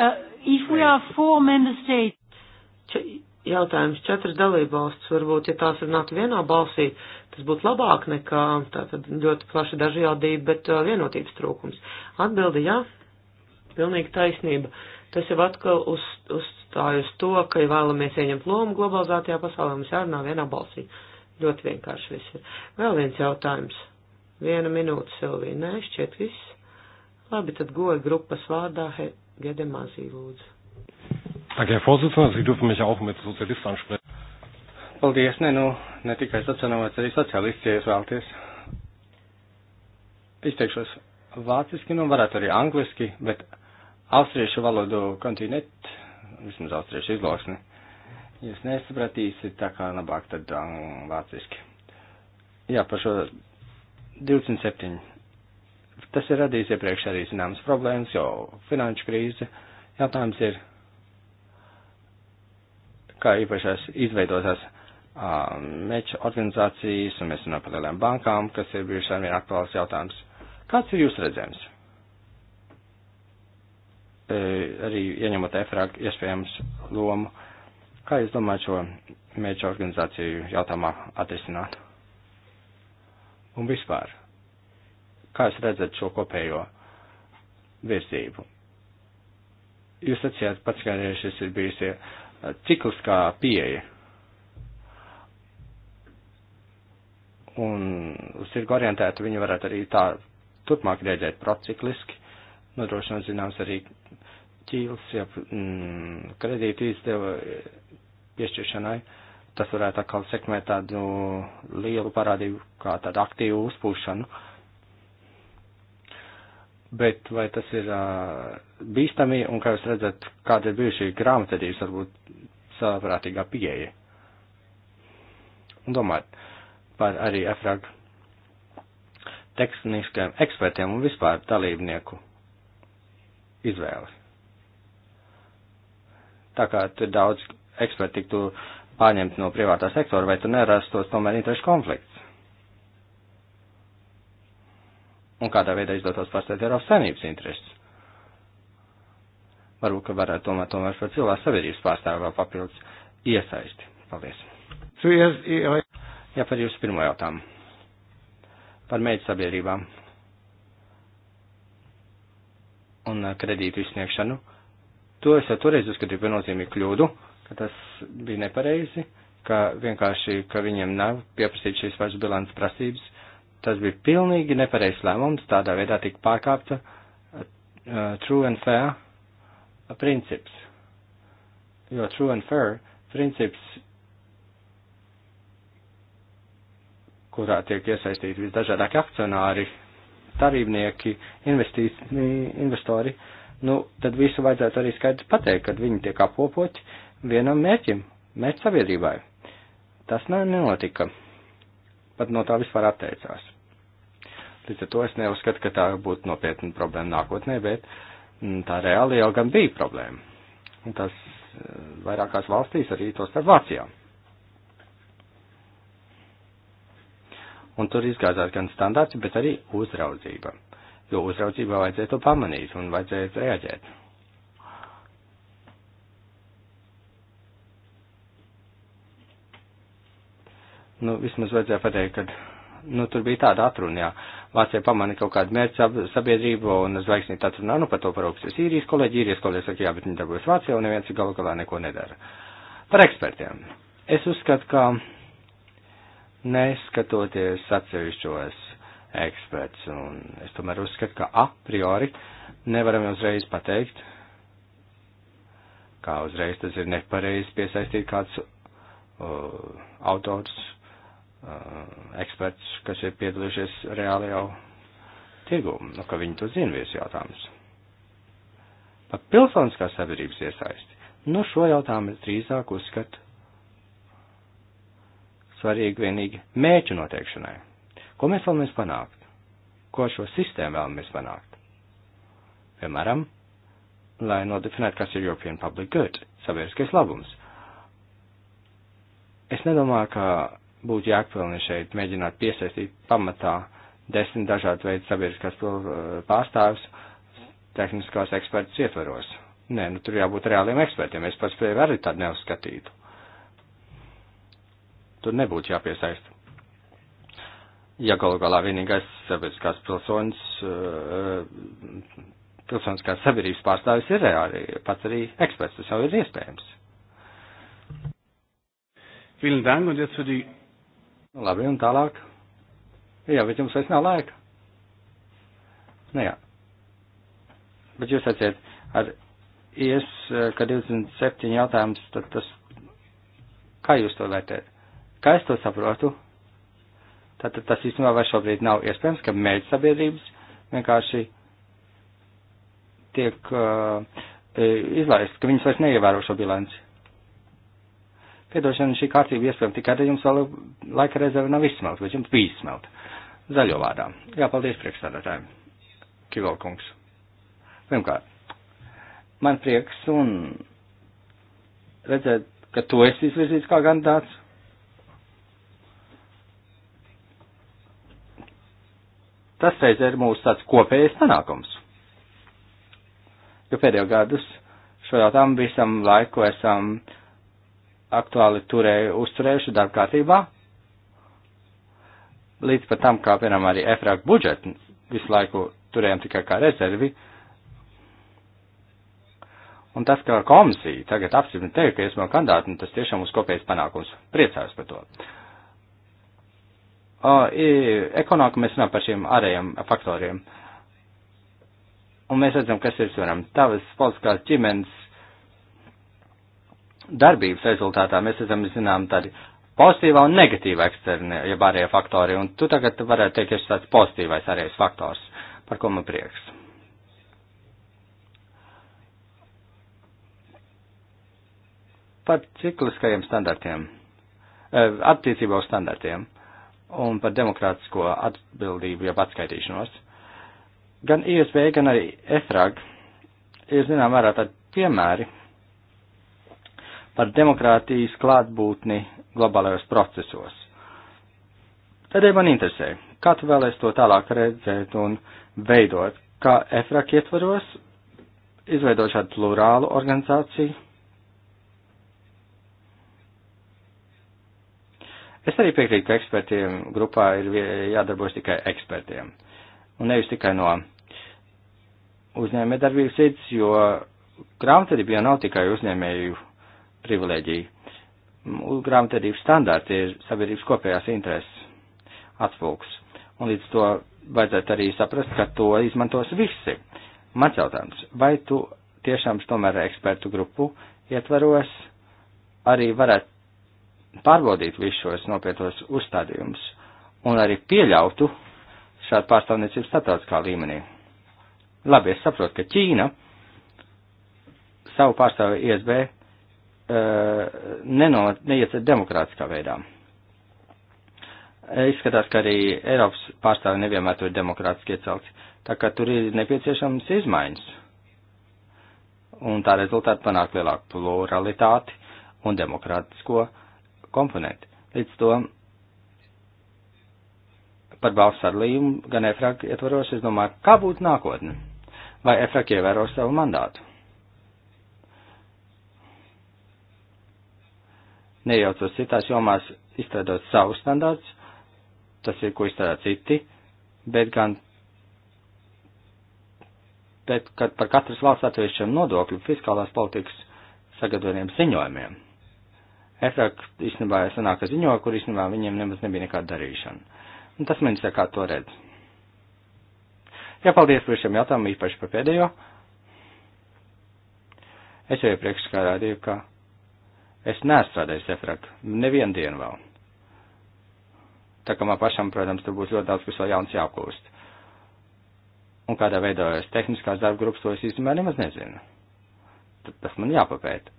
Uh, Č jautājums četras dalībvalstis, varbūt, ja tās runātu vienā balsī, tas būtu labāk nekā tātad ļoti plaša dažādība, bet uh, vienotības trūkums. Atbildi, jā, pilnīgi taisnība. Tas jau atkal uz, uzstāj uz to, ka, ja vēlamies ieņemt lomu globalizētajā pasaulē, mums jārunā vienā balsī. Ļoti vienkārši viss ir. Vēl viens jautājums. Viena minūte, Silvija. Nē, šķiet viss. Labi, tad goja grupas vārdā. He, Gedemāsī lūdzu. Danke, Herr Vorsitzender. Sie dürfen mich auch mit Sozialist ansprechen. Paldies, ne, nu, ne tikai sociālais, arī sociālists, ja jūs vēlaties. Izteikšos vāciski, nu, varētu arī angliski, bet austriešu valodu kontinent, vismaz austriešu izlauksni. Jūs nesapratīsiet, tā kā labāk tad um, vāciski. Jā, par šo 27 tas ir radījis iepriekš arī zināmas problēmas, jo finanšu krīze jautājums ir, kā īpašās izveidotās meča organizācijas, un mēs runājam par lielām bankām, kas ir bijuši arvien aktuāls jautājums. Kāds ir jūsu redzējums? E, arī ieņemot EFRAG iespējams lomu, kā jūs domājat šo meča organizāciju jautājumā atrisināt? Un vispār, Kā jūs redzat šo kopējo virzību? Jūs sacījāt pats, ka šis ir bijis eh, cikliskā pieeja. Un uz tirgu orientētu viņi varētu arī tā turpmāk rēģēt procikliski, nodrošinot zināms arī ķīls, ja mm, kredīti izdeva piešķiršanai. Tas varētu atkal sekmēt tādu lielu parādību kā tādu aktīvu uzpūšanu. Uh, Bet vai tas ir uh, bīstami un, kā jūs redzat, kāda ir bijuši grāmatvedības varbūt saprātīgā pieeja? Un domāt par arī efrag tehniskajiem ekspertiem un vispār dalībnieku izvēli. Tā kā tur daudz eksperti tiktu pārņemti no privātā sektora, vai tu nerastos tomēr interešu konflikts? un kādā veidā izdotos pārstāvēt Eiropas saimnības intereses. Varbūt, ka varētu tomēr, tomēr par cilvēku sabiedrības pārstāvu vēl papildus iesaisti. Paldies. Jā, par jūsu pirmo jautājumu. Par mēģi sabiedrībām un uh, kredītu izsniegšanu. To es jau toreiz uzskatīju par nozīmīgu kļūdu, ka tas bija nepareizi, ka vienkārši, ka viņiem nav pieprasīt šīs vairs bilants prasības, Tas bija pilnīgi nepareizs lēmums, tādā veidā tika pārkāpta uh, true and fair princips. Jo true and fair princips, kurā tiek iesaistīti visdažādākie akcionāri, darībnieki, investori, nu, tad visu vajadzētu arī skaidri pateikt, kad viņi tiek apkopoti vienam mērķim, mērķ sabiedrībai. Tas nenotika. Pat no tā vispār atteicās. Līdz ar to es neuzskatu, ka tā būtu nopietna problēma nākotnē, bet mm, tā reāli jau gan bija problēma. Un tas eh, vairākās valstīs, arī tos ar Vācijā. Un tur izgāzās gan standarts, bet arī uzraudzība. Jo uzraudzībā vajadzēja to pamanīt un vajadzēja reaģēt. nu, vismaz vajadzēja pateikt, ka nu, tur bija tāda atruna, jā, Vācija pamana kaut kādu mērķu sabiedrību un zvaigznī tā tur nav, nu par to parūksies īrijas kolēģi, īrijas kolēģi saka, jā, bet viņi darbojas Vācijā un neviens galu galā neko nedara. Par ekspertiem. Es uzskatu, ka neskatoties atsevišķos eksperts. Un es tomēr uzskatu, ka a priori nevaram uzreiz pateikt, kā uzreiz tas ir nepareizi piesaistīt kāds uh, autors eksperts, kas ir piedalījušies reālajā tirgu, nu, ka viņi to zina visu jautājumus. Par pilsoniskās sabiedrības iesaisti. Nu, šo jautājumu es drīzāk uzskatu svarīgi vienīgi mēķu noteikšanai. Ko mēs vēlamies panākt? Ko šo sistēmu vēlamies panākt? Piemēram, lai nodefinētu, kas ir European Public Good, sabiedriskais labums. Es nedomāju, ka būtu jāaktuālina šeit, mēģināt piesaistīt pamatā desmit dažādu veidu sabiedriskās uh, pārstāvis tehniskās ekspertus ietvaros. Nē, nu tur jābūt reāliem ekspertiem, es pats sevi arī tādu neuzskatītu. Tur nebūtu jāpiesaist. Ja galu galā vienīgais sabiedriskās pilsonis, uh, pilsoniskās sabiedrības pārstāvis ir reāli, pats arī eksperts, tas jau ir iespējams. Vielen Dank und jetzt für die Nu, labi, un tālāk. Jā, bet jums vairs nav laika. Nu, jā. Bet jūs atsiet, ar ies, ka 27 jautājums, tad tas, kā jūs to vērtējat? Kā es to saprotu? Tātad tas īstenībā vairs šobrīd nav iespējams, ka mērķis sabiedrības vienkārši tiek uh, izlaists, ka viņas vairs neievēro šo bilanci. Piedošana šī kārtība iespējama tikai, ja jums vēl laika rezerve nav izsmelta, bet jums bija izsmelta. Zaļo vārdā. Jā, paldies priekšstādātājiem. Kivalkungs. Pirmkārt, man prieks un redzēt, ka tu esi izvirzīts kā kandidāts. Tas reizē ir mūsu tāds kopējais panākums. Jo pēdējo gadus šo jautājumu visam laiku esam uh, aktuāli turēju, uzturējuši darba kārtībā, līdz pat tam, kā, piemēram, arī EFRAG budžetu visu laiku turējām tikai kā rezervi. Un tas, ka komisija tagad apstiprina tevi, ka esmu kandidāti, nu, tas tiešām uz kopējas panākums. Priecājos par to. Uh, Ekonomiski mēs runājam par šiem ārējiem faktoriem. Un mēs redzam, kas ir, piemēram, tavas politiskās ģimenes darbības rezultātā mēs redzam, zinām, tādi pozitīvā un negatīvā eksternie, jeb ja ārējie faktori, un tu tagad varētu teikt, ka šis tāds pozitīvais ārējais faktors, par ko man prieks. Par cikliskajiem standartiem, eh, attiecībā uz standartiem un par demokrātisko atbildību, jeb atskaitīšanos. Gan ISB, gan arī ESRAG ir, zinām, vērā tādi piemēri, par demokrātijas klātbūtni globālajos procesos. Tādēļ man interesē, kā tu vēlēs to tālāk redzēt un veidot, kā EFRAK ietvaros izveidot šādu plurālu organizāciju. Es arī piekrītu, ka ekspertiem grupā ir jādarbojas tikai ekspertiem, un nevis tikai no uzņēmē darbības vidas, jo grāmatvedība jau nav tikai uzņēmēju privilēģija. Grāmatvedības standārti ir sabiedrības kopējās intereses atspūgs. Un līdz to vajadzētu arī saprast, ka to izmantos visi. Mans jautājums, vai tu tiešām tomēr ekspertu grupu ietvaros arī varētu pārbaudīt visus šos nopietnos uzstādījumus un arī pieļautu šādu pārstāvniecību starptautiskā līmenī. Labi, es saprotu, ka Ķīna savu pārstāvu ISB Uh, nenor, neiecet demokrātiskā veidā. Uh, izskatās, ka arī Eiropas pārstāvi nevienmēr tur ir demokrātiski iecelts, tā ka tur ir nepieciešams izmaiņas. Un tā rezultāti panāk lielāku pluralitāti un demokrātisko komponentu. Līdz to par balsu sadalījumu gan EFRAK ietvaros, es domāju, kā būtu nākotne. Vai EFRAK ievēros savu mandātu? nejaucos citās jomās, izstrādot savus standārts, tas ir, ko izstrādā citi, bet gan, bet kad par katras valsts atsevišķiem nodokļu fiskālās politikas sagatavotiem ziņojumiem. EFRAK īstenībā sanāka ziņoja, kur īstenībā viņiem nemaz nebija nekāda darīšana. Un tas man kā to redz. Jā, paldies par šiem jautājumiem, īpaši par pēdējo. Es jau iepriekš skārādīju, ka. Es nestrādāju Sefrak nevienu dienu vēl. Tā kā man pašam, protams, tur būs ļoti daudz, kas vēl jauns jākūst. Un kādā veidā es tehniskās darba grupas to es īstenībā nemaz nezinu. Tad tas man jāpapēta.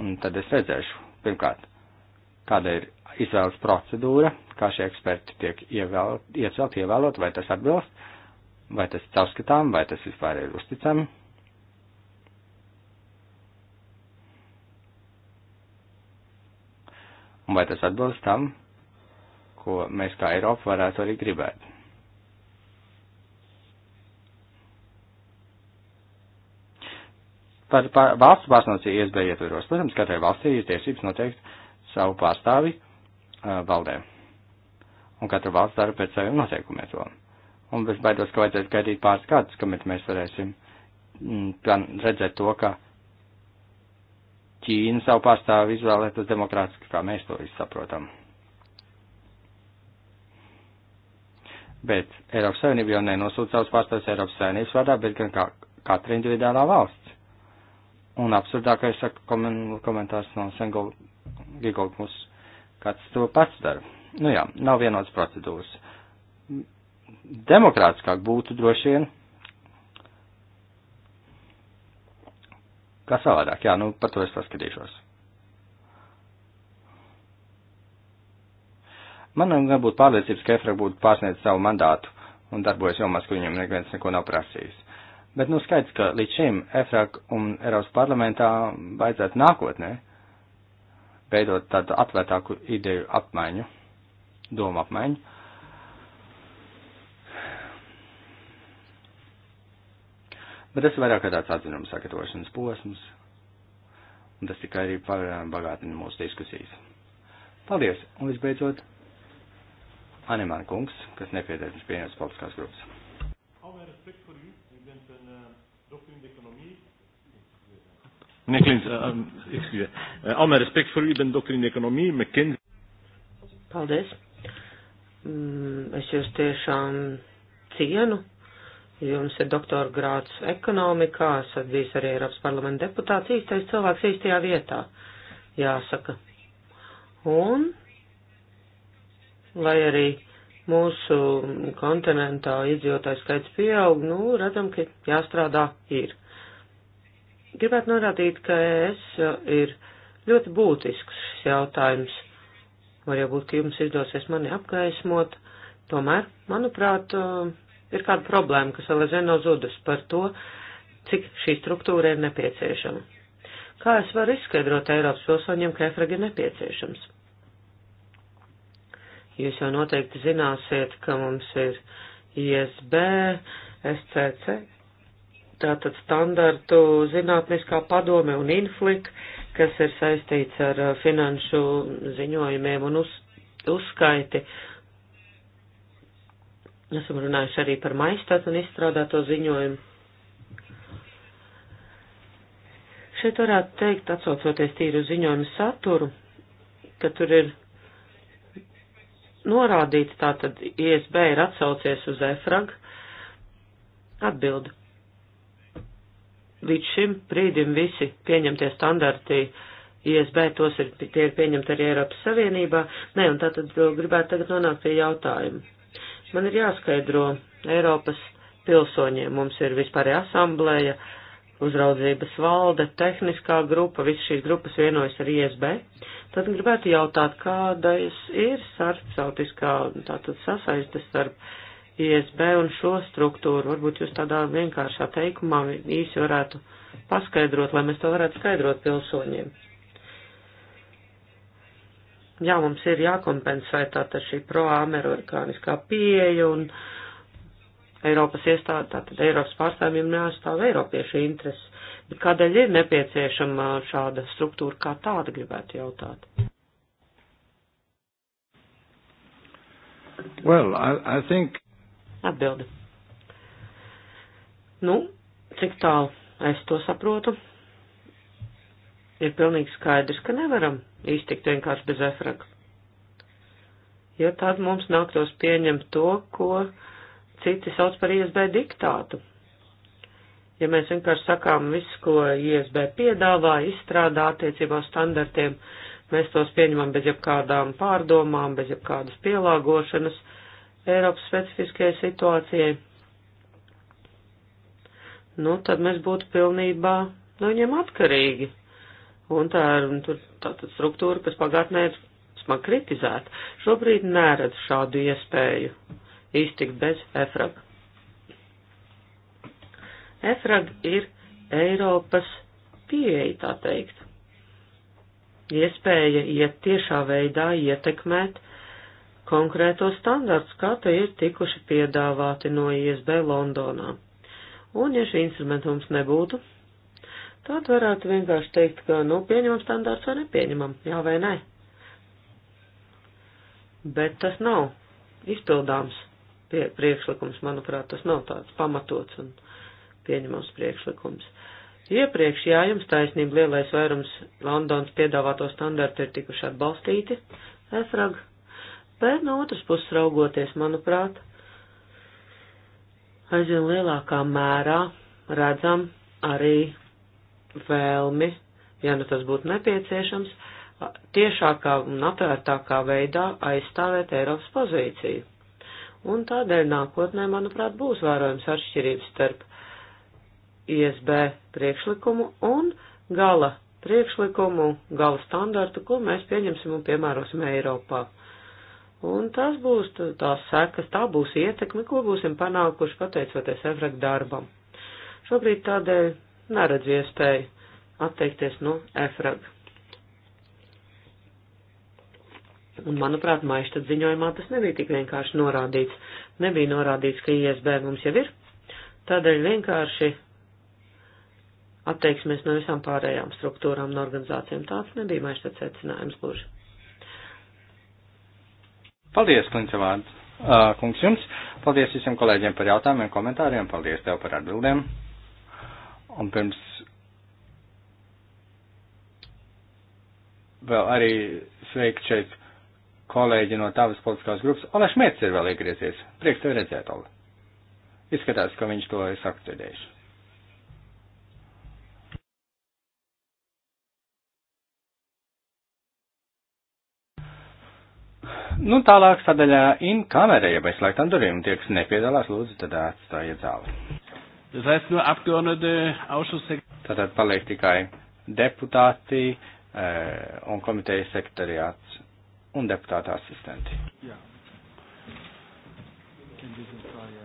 Un tad es redzēšu, pirmkārt, kāda ir izvēles procedūra, kā šie eksperti tiek ievēl, iecelt, ievēlot, vai tas atbilst, vai tas caurskatām, vai tas vispār ir uzticami. un vai tas atbilst tam, ko mēs kā Eiropa varētu arī gribēt. Par pār, valsts pārstāvniecību iespēju ietveros, protams, katrai valstī ir tiesības noteikt savu pārstāvi uh, valdē. Un katra valsts dara pēc saviem noteikumiem to. Un es baidos, ka vajadzēs gaidīt pāris gadus, kamēr mēs varēsim mm, redzēt to, ka Ķīna savu pārstāvu izvēlētos demokrātiski, kā mēs to visu saprotam. Bet Eiropas Savienība jau nenosūta savus pārstāvus Eiropas Savienības vārdā, bet gan kā katra individuālā valsts. Un absurdākais saka, komentārs no Sengola Gigolkmus, kāds to pats dara. Nu jā, nav vienotas procedūras. Demokrātiskāk būtu droši vien Kā savādāk? Jā, nu par to es paskatīšos. Man gan būtu pārliecības, ka EFRA būtu pārsniedz savu mandātu un darbojas jomās, kur viņam neviens neko nav prasījis. Bet, nu, skaidrs, ka līdz šim EFRA un Eiropas parlamentā vajadzētu nākotnē veidot tādu atvērtāku ideju apmaiņu, domu apmaiņu, Bet tas ir vairāk kā tāds atzinums sagatavošanas posms, un tas tikai arī um, bagātina mūsu diskusijas. Paldies! Un visbeidzot, Anemāna kungs, kas nepieteicams pieņemts politiskās grupas. Meneer Klins, uh, um, excuse. Uh, al mijn respect voor u, ik ben dokter in de economie, McKinsey. Paldies. Mm, es jūs tiešām cienu Jums ir doktora grāts ekonomikā, esat bijis arī Eiropas parlamenta deputāts, īstais cilvēks īstajā vietā, jāsaka. Un, lai arī mūsu kontinentā iedzīvotāju skaits pieaug, nu, redzam, ka jāstrādā ir. Gribētu norādīt, ka es ir ļoti būtisks šis jautājums. Var jau būt, ka jums izdosies mani apgaismot, tomēr, manuprāt, uh, ir kāda problēma, kas vēl aizvien nav zudus par to, cik šī struktūra ir nepieciešama. Kā es varu izskaidrot Eiropas pilsoņiem, ka EFRAG ir nepieciešams? Jūs jau noteikti zināsiet, ka mums ir ISB, SCC, tātad standartu zinātniskā padome un inflik, kas ir saistīts ar uh, finanšu ziņojumiem un uz, uzskaiti Esam runājuši arī par maistāt un izstrādāto ziņojumu. Šeit varētu teikt, atsaucoties tīri uz ziņojumu saturu, ka tur ir norādīts, tātad ISB ir atsaucies uz EFRAG atbildi. Līdz šim brīdim visi pieņemtie standarti ISB tos ir, tie ir pieņemti arī Eiropas Savienībā. Nē, un tātad gribētu tagad nonākt pie jautājuma Man ir jāskaidro Eiropas pilsoņiem. Mums ir vispārējā asamblēja, uzraudzības valde, tehniskā grupa, visas šīs grupas vienojas ar ISB. Tad gribētu jautāt, kādas ir starptautiskā tātad sasaistes starp ISB un šo struktūru. Varbūt jūs tādā vienkāršā teikumā īsi varētu paskaidrot, lai mēs to varētu skaidrot pilsoņiem jā, mums ir jākompensē tātad šī proamerikāniskā pieeja un Eiropas iestāde, tātad Eiropas pārstāvjiem jāstāv Eiropiešu intereses. Bet kādēļ ir nepieciešama šāda struktūra kā tāda, gribētu jautāt? Well, I, I think... Atbildi. Nu, cik tālu es to saprotu? ir pilnīgi skaidrs, ka nevaram iztikt vienkārši bez efraga. Jo tad mums nāktos pieņemt to, ko citi sauc par ISB diktātu. Ja mēs vienkārši sakām visu, ko ISB piedāvā, izstrādā attiecībā standartiem, mēs tos pieņemam bez jebkādām pārdomām, bez jebkādas pielāgošanas Eiropas specifiskajai situācijai, nu tad mēs būtu pilnībā no viņiem atkarīgi. Un tā ir tur, tā, tā struktūra, kas pagātnē ir smagi kritizēta. Šobrīd neredz šādu iespēju iztikt bez EFRAG. EFRAG ir Eiropas pieeja, tā teikt. Iespēja iet tiešā veidā ietekmēt konkrēto standarts, kā tie ir tikuši piedāvāti no ISB Londonā. Un ja šī instrumenta mums nebūtu, Tad varētu vienkārši teikt, ka, nu, pieņemam standārts vai nepieņemam, jā vai nē. Bet tas nav izpildāms pie, priekšlikums, manuprāt, tas nav tāds pamatots un pieņemams priekšlikums. Iepriekš, jā, jums taisnība lielais vairums Londons piedāvāto standārtu ir tikuši atbalstīti, esrag, bet no otras puses raugoties, manuprāt, aizvien lielākā mērā redzam arī vēlmi, ja nu tas būtu nepieciešams, tiešākā un atvērtākā veidā aizstāvēt Eiropas pozīciju. Un tādēļ nākotnē, manuprāt, būs vērojams atšķirības starp ISB priekšlikumu un gala priekšlikumu, gala standartu, ko mēs pieņemsim un piemērosim Eiropā. Un tas būs tās sekas, tā būs ietekme, ko būsim panākuši pateicoties EFRAK darbam. Šobrīd tādēļ neredz iespēju atteikties no efraga. Un, manuprāt, maišta ziņojumā tas nebija tik vienkārši norādīts. Nebija norādīts, ka ISB mums jau ir, tādēļ vienkārši atteiksimies no visām pārējām struktūrām un organizācijām. Tāds nebija maišta secinājums gluži. Paldies, Klince Vārds. Uh, kungs jums. Paldies visiem kolēģiem par jautājumiem, komentāriem. Paldies tev par atbildēm. Un pirms vēl arī sveikt šeit kolēģi no tavas politiskās grupas. Ola Šmēts ir vēl iegriezies. Prieks tevi redzēt, Ola. Izskatās, ka viņš to ir sakcedējis. Nu, tālāk sadaļā in kamerā, ja bez slēgtām durvīm tie, kas nepiedalās, lūdzu, tad atstājiet zāli. Tas heißt nur Abgeordnete, Ausschusssekretär. Tātad paliek tikai deputāti eh, un komitejas sekretariāts un deputāta asistenti. Jā. Can be